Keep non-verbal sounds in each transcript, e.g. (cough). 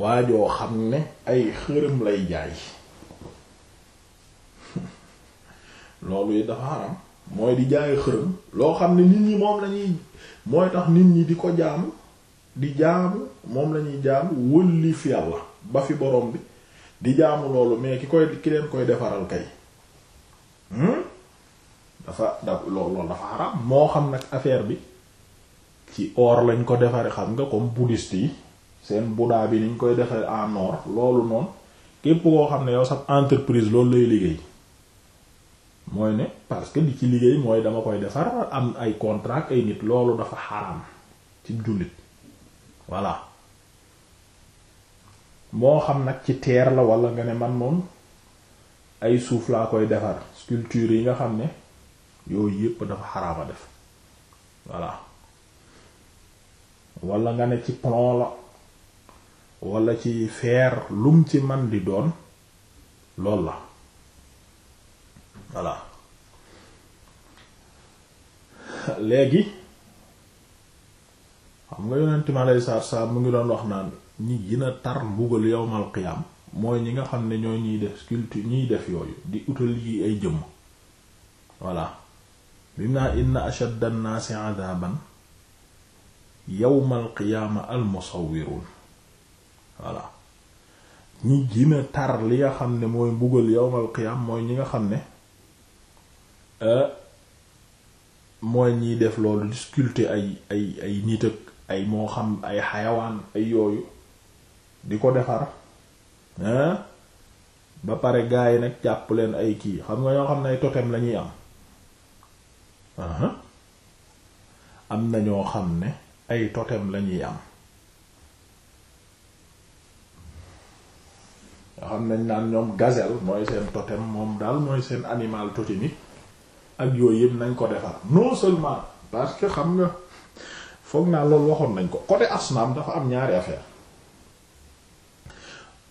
waa joo xam ne ay xërëm lay jaay loolu yi dafa haram mooy di jaay xërëm loo xam ne nit ñi moom lañuy mooy tax nit ñi di ko jaamu di jaamu moom lañuy jaamu fi yàlla ba fi borom bi di jaamu loolu mais ki koy ki leen koy defaral kay hmm? dafa da loolu dafa haram moo xam nag affaire bi ci or lañ ko defaree xam nga comme bouddhiste yi seen budaa bi niñ koy defee en or loolu noonu képp koo xam ne yow sax entreprise loolu lay liggéey mooy ne parce que di ci liggéey mooy dama koy defar am ay contrat ay nit loolu dafa xaram ci jullit voilà moo xam nag ci terre la wala nga ne man moom ay suuf laa koy defar sculpture yi nga xam ne yooyu yépp dafa xaraama def voilà wala nga ne ci plomb la wala ci feer lum ci man di doon lool la voilà léegi xam nga yonent mi alayhi salaatu salaam mu ngi doon wax naan ñi gën tar mbugal yawmal qiyaam mooy ñi nga xam ne ñoo ñiy def sculpture ñuy def yooyu di utal yi ay jëmm voilà bi naa inna ashadda an-naasi adaaban yawmal qiyaama al voilà ñi gina tar li nga xam ne mooy mbugal yawmal qiyam mooy ñi nga xam ne euh, mooy ñiy def loolu di ay ay ay nit ak ay moo xam ay xayawaan ay yooyu di ko defar ba pare gaa yi nag jàpp leen ay kii xam nga ñoo xam ne ay totem lañuy ñuy am am na ñoo xam ne ay totem la ñuy am nga xam nañ naan ñoom gazelle mooy seen totem moom daal mooy seen animal totémique ak yooyu yëpp nañ ko defar non seulement parce que xam nga foog naa loolu waxoon nañ ko côté asnaam dafa am ñaari affaire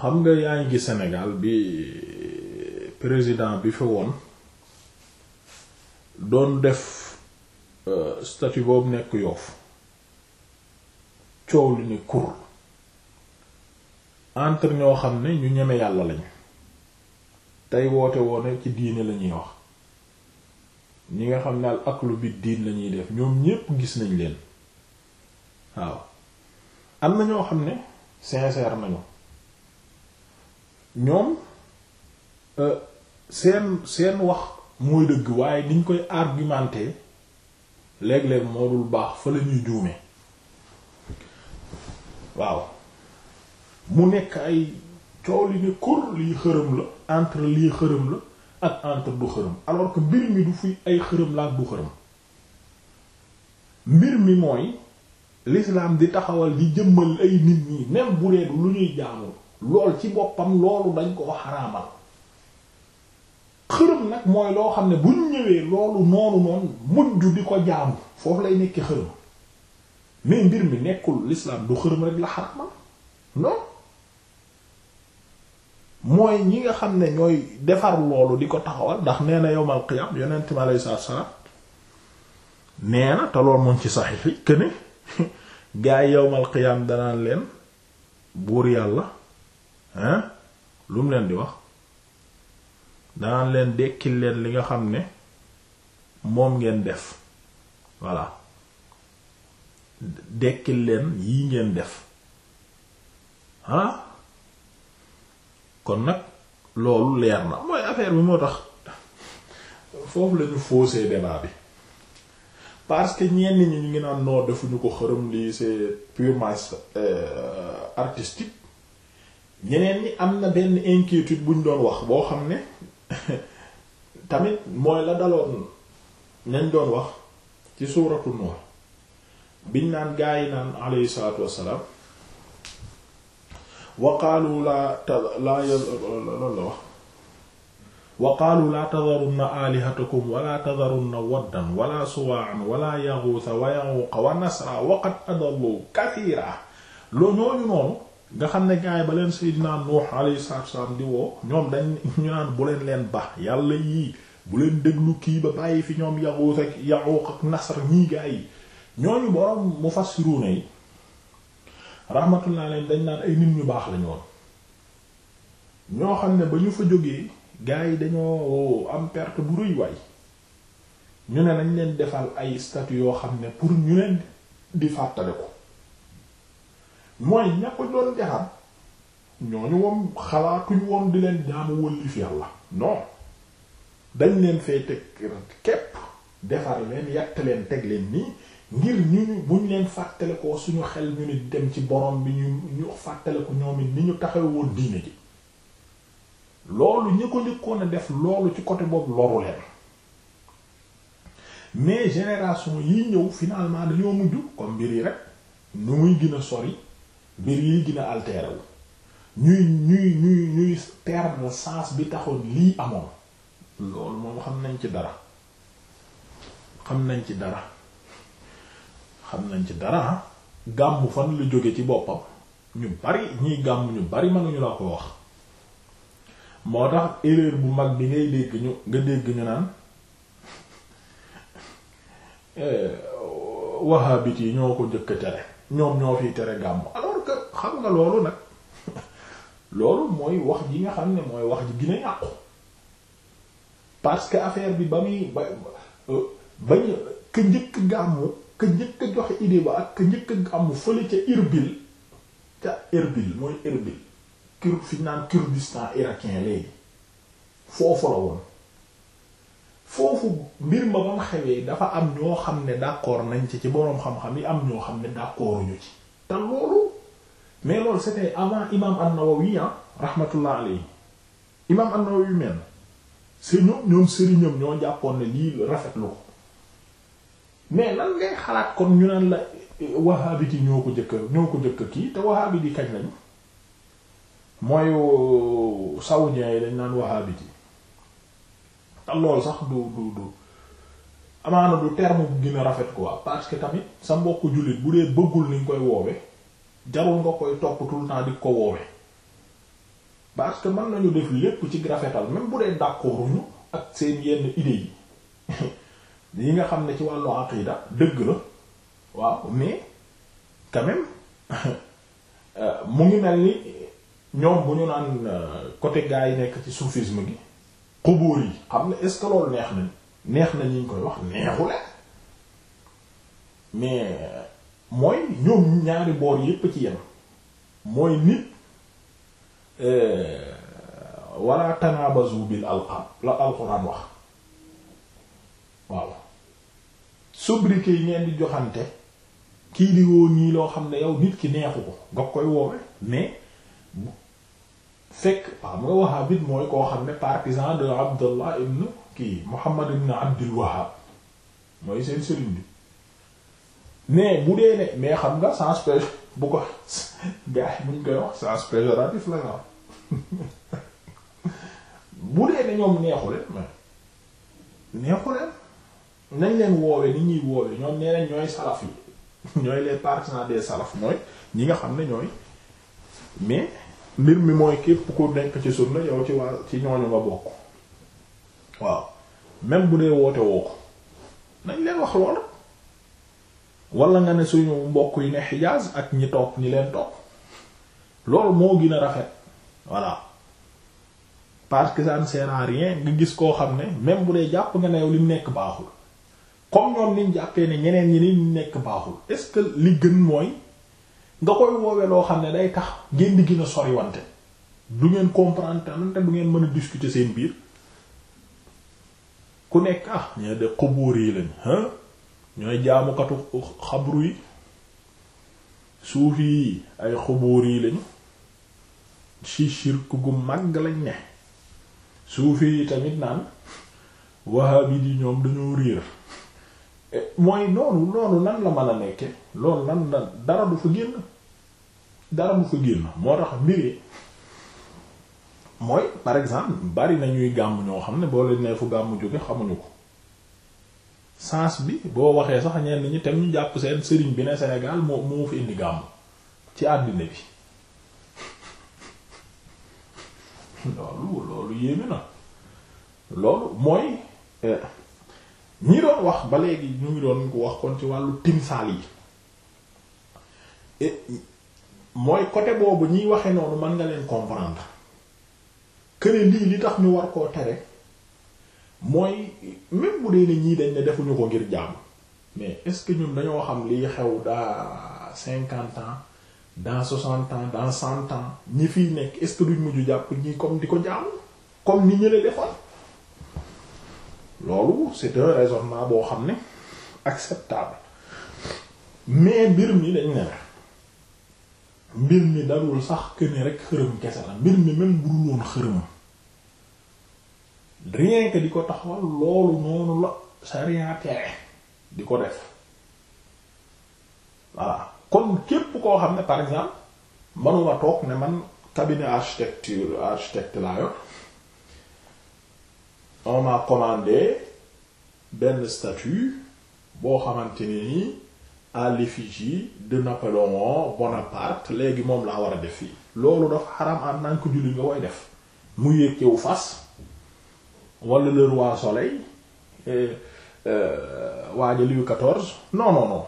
xam nga yaa ngi senegal bi président bi fi woon doon def euh, statut boobu nekk yoofu coow lu ni kur entre ñoo xam ne ñu ñeme yàlla lañ tey woote woone ci diine la ñuy wax ñi nga xam ne al aklu bi diin la def ñoom ñépp gis nañ leen waaw am na ñoo xam ne sincère nañu ñoom euh, seen seen wax mooy dëgg waaye niñ koy argumenter léeg-léeg moo dul baax fa la ñuy juume waaw mu nekk ay coow li ni kur lii xërëm la entre lii xërëm la ak entre du xërëm alors que mbir mi du fuy ay xërëm la ak du xërëm mbir mi mooy l'islam di taxawal di jëmmal ay nit ñi même bu dee lu ñuy jaamu lool ci boppam loolu dañ koo xaraamal xërëm nag mooy loo xam ne buñ ñëwee loolu noonu noonu mujj di ko jaamu foofu lay nekk xërëm mais mbir mi nekkul l'islam du xërëm rek la xaraamal non mooy ñi nga xam ne ñooy defar loolu di ko taxawal ndax nee na yowmal qiyam yonent mi alayhi salaatu salaam nee na te loolu moom ci sax yi que ne (laughs) gaa yi yowmal qiyam danaan leen buur yàlla hein lu mu leen di wax danaan leen dekkil leen li nga xam ne moom ngeen def voilà dekkil leen yi ngeen def ah kon nag loolu leer na mooy affaire bi moo tax foofu la ñu faussé bi parce que ñenn ñi ñu ngi naan noo defuñu ko xërëm lii c'est purement euh, artistique ñeneen ñi am na benn inquiétude buñ doon wax boo xam ne (laughs) tamit mooy la daloon nañ doon wax ci suuratu Nuh biñ naan gaa yi naan alayhi salaatu wassalaam wa qaalu laa laa loolu la wax wa qaalu laa tadarunna aalihatakum wala tadarunna waddan wala suwaa'an wala yaghutha wa ya'uqa wa nasra wa qad adallu kathiira loo ñooñu noonu nga xam ne gaay ba leen Seydina Nuux alayhi salaatu wa salaam di woo ñoom dañ ñu naan bu leen leen ba yàlla yii bu leen déglu kii ba bàyyi fi ñoom yaghutha ak ya'uq ak nasr ñii gaay yi ñooñu boroom mufassiruna yi naa alayhi dañ naan ay nit ñu baax la ñoon ñoo xam ne ba ñu fa jógee gars yi dañoo am perte bu rëy waay ñu ne nañ leen defal ay statu yoo xam ne pour ñu leen di fàttale ko mooy ña ko doon ñooñu moom xalaatuñ woon di leen jaamu wëllif la non dañ leen fay teg képp defar leen yàtt leen teg leen nii ngir ñu ñu buñ leen fàttalikoo suñu xel ñu nit dem ci borom bi ñu ñu fàttaliku ñoom it ni ñu taxawoo diine ji loolu ñi ko njëkkoon a def loolu ci côté boobu loru leen mais génération yi ñëw finalement dañoo mujj comme mbir yi rek ñu muy gën a sori mbir yi gën a ñuy ñuy ñuy ñuy perdre sens bi taxoon lii amoon loolu moom xam nañ ci dara xam nañ ci dara xam nañ ci dara gàmmu fan lu jóge ci boppam ñu bari ñiy gàmm ñu bari mënuñu la ko wax moo tax erreur bu mag bi ngay dégg ñu nga dégg ñu naan (laughs) eh, wahabit yi ñoo ko njëkk a tere ñoom ñoo fiy tere gàmm alors que xam nga loolu nag (laughs) loolu mooy wax ji nga xam ne mooy wax ji gi a yàqu parce que affaire bi ba muy ba euh, bañ ka njëkk gàmmu ka njëkk a joxe idée ba ak ka njëkk a am fële ca Irbil ca Irbil mooy Irbil kur fi naan Kurdistan irakien léegi foofu la woon foofu mbir ma ba xewee dafa am ñoo xam ne d'accord nañ ci ci boroom xam-xam yi am ñoo xam ne d'accorduñu ci te loolu mais loolu c'était avant imam an-Nawawi ah rahmatullah alayhi imam an-Nawawi mel c'est ñoom ñoom sëriñam ñoo jàppoon ne lii rafetlu ko mais lan ngay xalaat kon ñu naan la eh, wahhabite yi ñoo ko jëkka ñoo ko jëkka kii te wahhabite yi kañ lañu mooy euh, saoudien yi dañ naan wahhabite yi te loolu sax du du du amaana du terme bu gën a rafet quoi parce que tamit sa mbokk jullit bu dee bëggul ni nga koy woowe jarul nga koy topp tout di ko woowe parce que mën nañu def lépp ci rafetal même bu dee d'accorduñu ak seen yenn idées yi (laughs) yi nga xam ne ci wàllu aqida dëgg la waaw mais quand (laughs) euh, mu ngi mel ni ñoom bu ñu naan euh, côté gaa yi nekk ci soufisme gi xubóor yi xam ne est-ce neex nañ neex na ñu koy wax neexu la mais euh, mooy ñoom ñaari boor yépp ci yem mooy nit wala tanabazu bil alqab la alquran wax waaw sobriquet yi ngeen di joxante kii di woo ñii loo xam ne yow nit ki neexu ko nga koy woowe mais fekk waaw mooy wahhabite mooy koo xam ne partisan de Abdallah ibn kii Muhammad ibn Abdul Wahhab mooy seen sëriñ bi mais bu dee ne mais xam nga sens péj bu ko gars yi koy wax sens péjoratif la nga (laughs) bu dee ne ñoom neexu leen mais neexu leen nañ leen woowee ni ñuy woowee ñoom nee nañ ñooy salaf yi (laughs) ñooy les partisans des salaf mooy ñi nga xam ne ñooy mais mbir mi mooy képp ku nekk ci sunna yow ci waa ci ñooñu nga bokk waaw même bu dee woote woo ko nañ leen wax lool wala nga ne suñu mbokk yi ne xijaaz ak ñi topp ñi leen topp loolu moo gën a rafet voilà parce que ça ne sert rien nga gis koo xam ne même bu dee jàpp nga ne yow li mu nekk baaxul. comme ñoom niñ jàppee ne ñeneen ñi ni ñu nekk baaxul est-ce que li gën mooy nga koy woowe loo xam ne day tax ngeen di gën a soriwante du ngeen comprendre te ngeen mën a discuter seen biir ku nekk ah, ñee de yi lañ ñooy jaamukatu xabru yi ay xubóor yi lañ ci shirk lañ ne suufi tamit naan wahabi yi ñoom dañoo réer mooy noonu noonu nan la mën a nekke loolu nan la dara du fa génn dara du fa génn moo tax mbiri mooy par exemple bari na ñuy gàmm ñoo xam ne boo leen nee fu gàmm jóge xamuñu ko sens bi boo waxee sax ñenn ñi tam ñu jàpp seen sëriñ bi ne Sénégal moo moo fi indi gàmm ci àddina bi (laughs) loolu loolu yéeme na loolu mooy. Eh, ñi doon wax ba léegi ñu ngi doon ko wax kon ci wàllu timsaal yi mooy côté boobu ñiy waxe noonu man nga leen comprendre que ne lii li tax ñu war koo tere mooy même bu dee ne ñii dañ ne defuñu ko ngir jàmm mais est-ce que ñun dañoo xam lii xew daa cinquante ans dans soixante ans dans cent ans ñi fiy nekk est-ce duñ mujju jàpp ñii comme di ko jàmm comme ni ñële defoon loolu c'est un raisonnement boo xam ne acceptable mais mbir mi dañ ne la mbir mi dalul sax que ne xërëm kese la mbir mi même bu dul woon xërëm rien di ko taxawal loolu noonu la sariya tere di ko def voilà kon képp koo xam ne par exemple manuma toog ne man cabinet architecture architecte laa yor on m'a commandé benn statue boo xamante ne nii à l'effigie Bonaparte léegi moom laa war a def fii loolu dafa xaram am nañ ko julli nga koy def mu yéeg fas wala le roi soleil eh, eh, waaja Louis quatorze non non non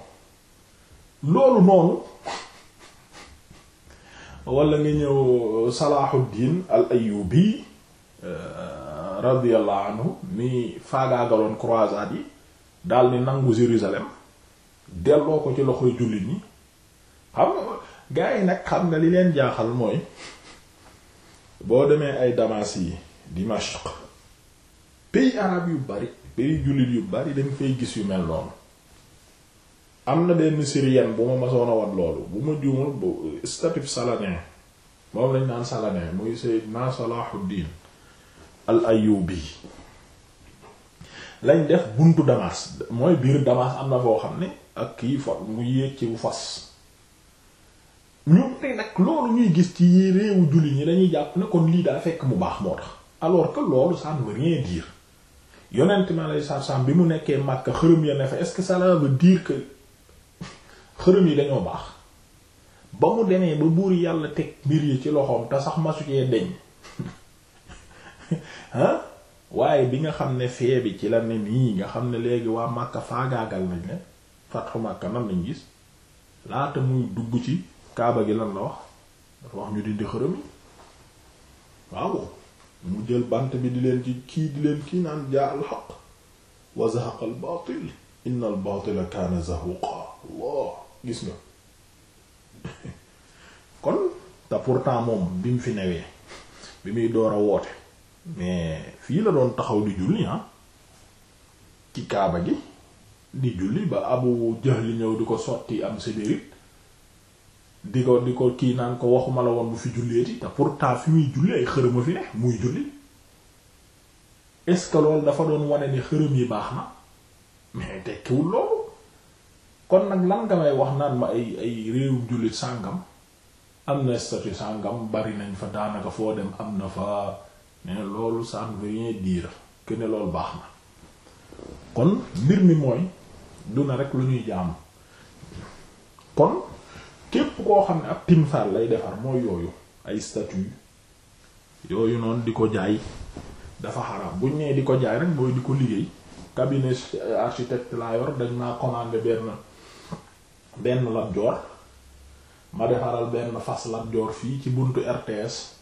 loolu noonu wala nga ñëw Salahuddin al Ayyubi eh, radiyallahu anhu mi faagaagaloon croisade yi daal ni nangu Jérusalem delloo ko ci loxoy jullit ñi xam nga gaa yi nag xam nga li leen jaaxal mooy boo demee ay Damas yi Dimashq pays arabe yu bari pays jullit yu bari dañ fay gis yu mel noonu am na benn Syrien bu ma masoon a wat loolu bu ma juumul bu statut Saladin moom lañ naan Saladin muy Sayyidna Salahuddin al ayubi lañ def buntu Damas mooy biir Damas am na foo xam ne ak kii fa mu yéeg ci fas ñu ne nag loolu ñuy gis ci réewu jullit ñi dañuy jàpp ne lii daa fekk mu baax moo tax alors que loolu ça ne veut yonent ma lay sarsam bi mu nekkee màkk xërëm ya ne fa est-ce que ça veut dire que xërëm yi dañoo baax ba mu demee ba buur yàlla teg mbir yi ci loxoom te sax masu deñ ah (laughs) waaye bi nga xam ne fee bi ci la ne nii nga xam ne léegi waa Makka faagaagal nañ ne fatxu Makka nan lañ gis laata muy dugg ci kaaba gi lan la wax dafa wax ñu dindi xërëm yi waaw mu jël bant bi di leen ci kii di leen kii naan jaa al wa zahaqa al baatil inna kaana zahuqa Allah gis nga (laughs) kon te pourtant moom bi mu fi newee bi muy door a woote mais fii la doon taxaw di julli ah ci kaaba gi di julli ba Abu Jahl ñëw di ko sotti am sédérit di ko di ko kii naan ko waxuma la woon bu fi julleeti te pourtant fi muy julli ay xërëm fi ne muy julli est dafa doon wane ni xërëm yi baax na mais tekkiwul loolu kon nag lan nga may wax naan ma ay ay réewum jullit sàngam am na statut sàngam bari nañ fa daanaka foo dem am na fa mais loolu ça ne veut rien ne loolu baax na kon mbir mi mooy duna na lu ñuy jàmm kon képp koo xam ne ab timsaal lay defar mooy yooyu ay statue yooyu noonu di ko jaay dafa xaraam buñ nee di ko jaay rek mooy di ko liggéey cabinet architecte laa yor dañ naa commandé benn benn Lat Dior ma defaral benn fas Lat fii ci buntu RTS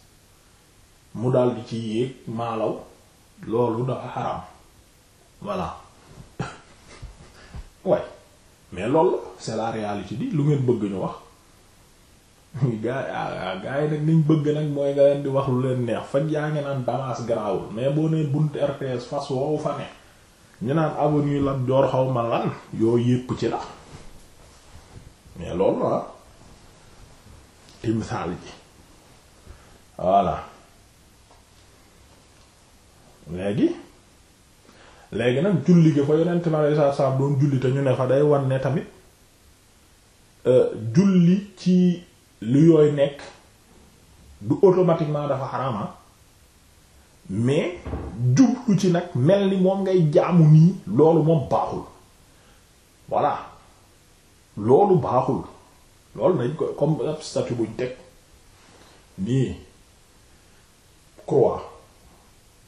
mu daldi ci yéeg maalaw loolu dafa xaram voilà way (laughs) mais loolu c'est la réalité di lu ngeen bëgg ñu wax (laughs) gaa ah, gaa yi nag niñ bëgg nag mooy nga leen di wax lu leen neex faj yaa ngi naan Damas garaawul mais boo nee bunt RTS fas woowu fa ne ñu naan avenue Lat Dior xaw ma lan yoo yépp ci la mais loolu la ah. timsaal ji voilà léegi léegi nag julli gi fa yonent ma lay saa saa doon julli te ñu ne fa day wan ne tamit euh, julli ci lu yooy nekk du automatiquement dafa xarama ah. mais jublu ci nag mel ni moom ngay jaamu nii loolu moom baaxul voilà loolu baaxul loolu nañ ko comme ab buñ teg nii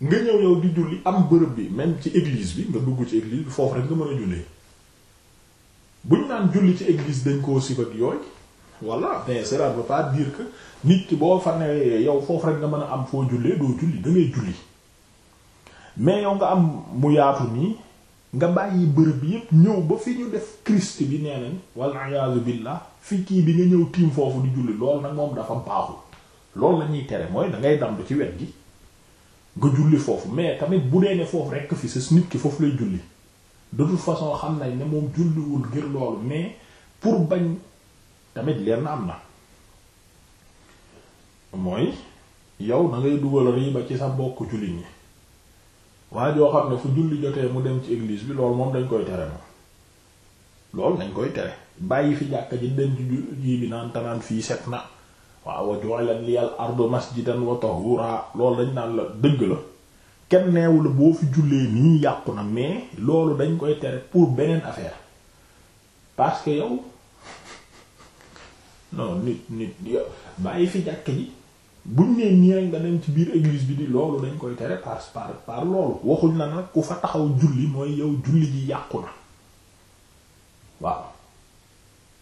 nga ñëw yow di julli am bërëb bi même ci église bi nga dugg ci église bi foofu rek nga mën a jullee buñ naan julli ci église dañ koo sib ak yooyu voilà mais cela ne veut pas dire que nit ki boo fa yow foofu rek nga mën a am foo jullee doo julli da ngay julli mais nga am mu yaatu nii nga ba fi ñu def Christ bi nee nañ walla iyaazu billah fi kii bi nga ñëw tiim foofu di julli loolu nag moom dafa baaxul loolu la tere mooy da ngay damb ci wet gi. nga julli foofu mais tamit bu dee ne foofu rekk fi sës nit ki foofu lay julli de toute façon xam nañ ne moom julliwul ngir loolu mais pour bañ tamit leer na am na mooy yow na ngay dugal riba ci sa mbokk julli ñi waa joo xam ne fu julli jotee mu dem ci église bi loolu moom dañ koy tere moom loolu dañ koy tere bàyyi fi jàkka ji dem ci ji bi naan tanaan fii set na waaw wa ju'ilat liyal ardu masjidan wa tahura loolu dañ naan la dëgg la kenn neewu la boo fi jullee nii yàqu na mais loolu dañ koy tere pour beneen affaire parce que yow (laughs) non nit nit fi jàkk ji buñ nee nii ci biir église bi di loolu dañ koy tere par par par loolu waxuñ na nag ku fa taxaw julli mooy yow julli ji yàqu na waaw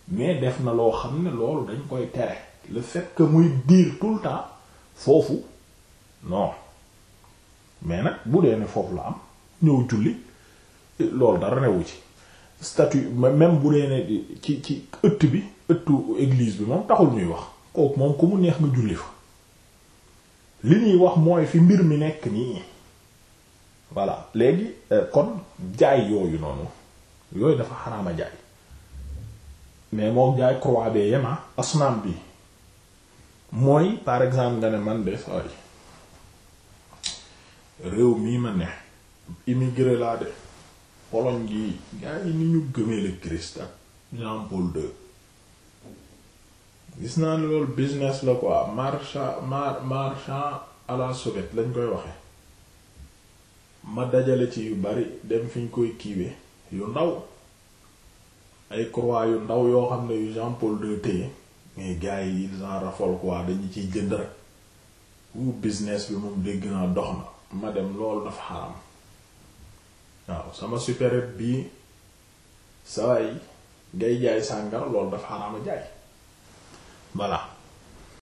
mais def na loo xam ne loolu dañ koy tere le fait que muy diir tout le temps foofu non mais nag bu dee ne foofu la am ñëw julli loolu dara newu ci statut même bu dee ne ci ci ëtt bi ëttu église bi moom taxul ñuy wax kooku moom ku mu neex nga julli fa li ñuy wax mooy fi mbir mi nekk nii voilà léegi euh, kon jaay yooyu noonu yooyu dafa xaraama jaay mais moo jaay croix bee yema ah, asnaam bi mooy par exemple nga ne man de sooy réew mii ma ne immigré laa de Pologne gi gaa yi ni ñu gëmee le Christ ak Jean Paul II gis naa ne loolu business la quoi marchand mar marchand à la soviet lañ koy waxe ma dajale ci yu bari dem fiñ koy kiiwee yu ndaw ay croix yu ndaw yoo xam ne yu Jean Paul II téye mais gars yi ils en raffolent dañu ciy jënd rek wu business bi moom dégg naa dox na ma dem lool dafa xaram waaw sama supérette bii saa ngay jaay sàngar lool dafa xaraama jaay voilà